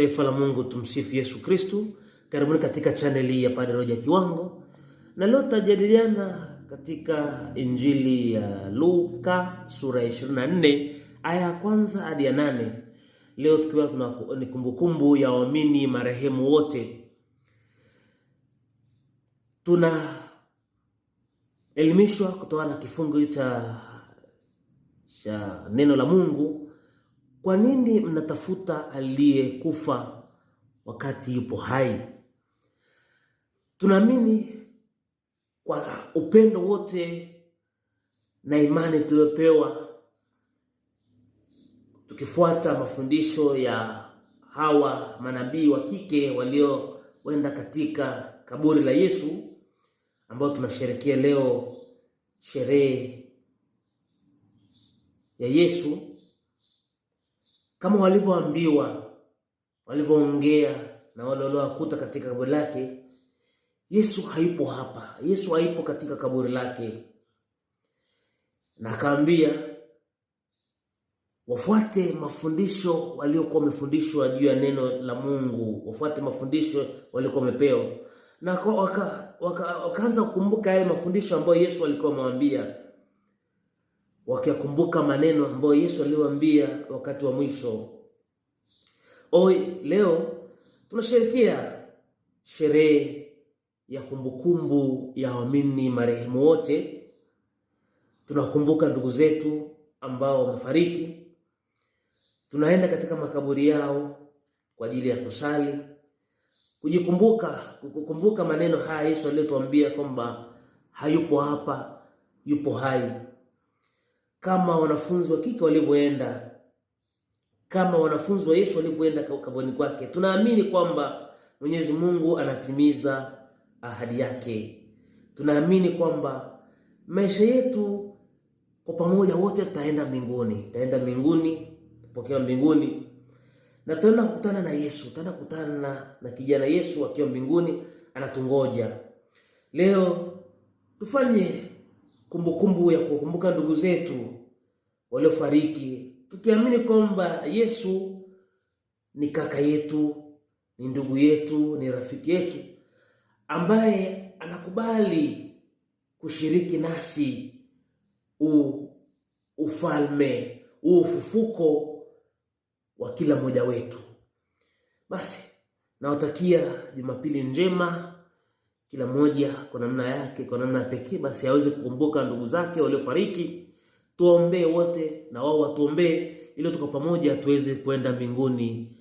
Taifa la Mungu, tumsifu Yesu Kristu. Karibuni katika chaneli ya Padre Roja Kiwango, na leo tutajadiliana katika Injili ya Luka sura ya 24 aya ya kwanza hadi ya nane. Leo tukiwa tuna ni kumbukumbu ya waamini marehemu wote, tunaelimishwa kutokana na kifungu cha cha neno la Mungu kwa nini mnatafuta aliyekufa wakati yupo hai? Tunaamini kwa upendo wote na imani tuliyopewa, tukifuata mafundisho ya hawa manabii wa kike walioenda katika kaburi la Yesu, ambao tunasherekea leo sherehe ya Yesu kama walivyoambiwa, walivyoongea na wale waliowakuta katika kaburi lake. Yesu haipo hapa, Yesu haipo katika kaburi lake, na akaambia wafuate mafundisho waliokuwa wamefundishwa juu ya neno la Mungu, wafuate mafundisho waliokuwa wamepewa, na wakaanza waka, waka kukumbuka yale mafundisho ambayo Yesu alikuwa amewaambia wakiyakumbuka maneno ambayo Yesu aliwaambia wakati wa mwisho. Oi, leo tunasherekea sherehe ya kumbukumbu ya waamini marehemu wote. tunakumbuka ndugu zetu ambao wamefariki, tunaenda katika makaburi yao kwa ajili ya kusali, kujikumbuka, kukumbuka maneno haya Yesu aliyotuambia kwamba hayupo hapa, yupo hai kama wanafunzi wa kike walivyoenda, kama wanafunzi wa Yesu walivyoenda kaburini kwake. Tunaamini kwamba Mwenyezi Mungu anatimiza ahadi yake. Tunaamini kwamba maisha yetu kwa pamoja wote tutaenda mbinguni, tutaenda mbinguni, tupokea mbinguni na tutaenda kukutana na Yesu, tutaenda kukutana na kijana Yesu akiwa mbinguni anatungoja. Leo tufanye kumbukumbu ya kukumbuka ndugu zetu waliofariki, tukiamini kwamba Yesu ni kaka yetu, ni ndugu yetu, ni rafiki yetu ambaye anakubali kushiriki nasi u ufalme huu ufufuko wa kila mmoja wetu. Basi nawatakia Jumapili njema kila mmoja kwa namna yake, kwa namna pekee, basi aweze kukumbuka ndugu zake waliofariki. Tuombee wote na wao watuombee, ili tuko pamoja tuweze kwenda mbinguni.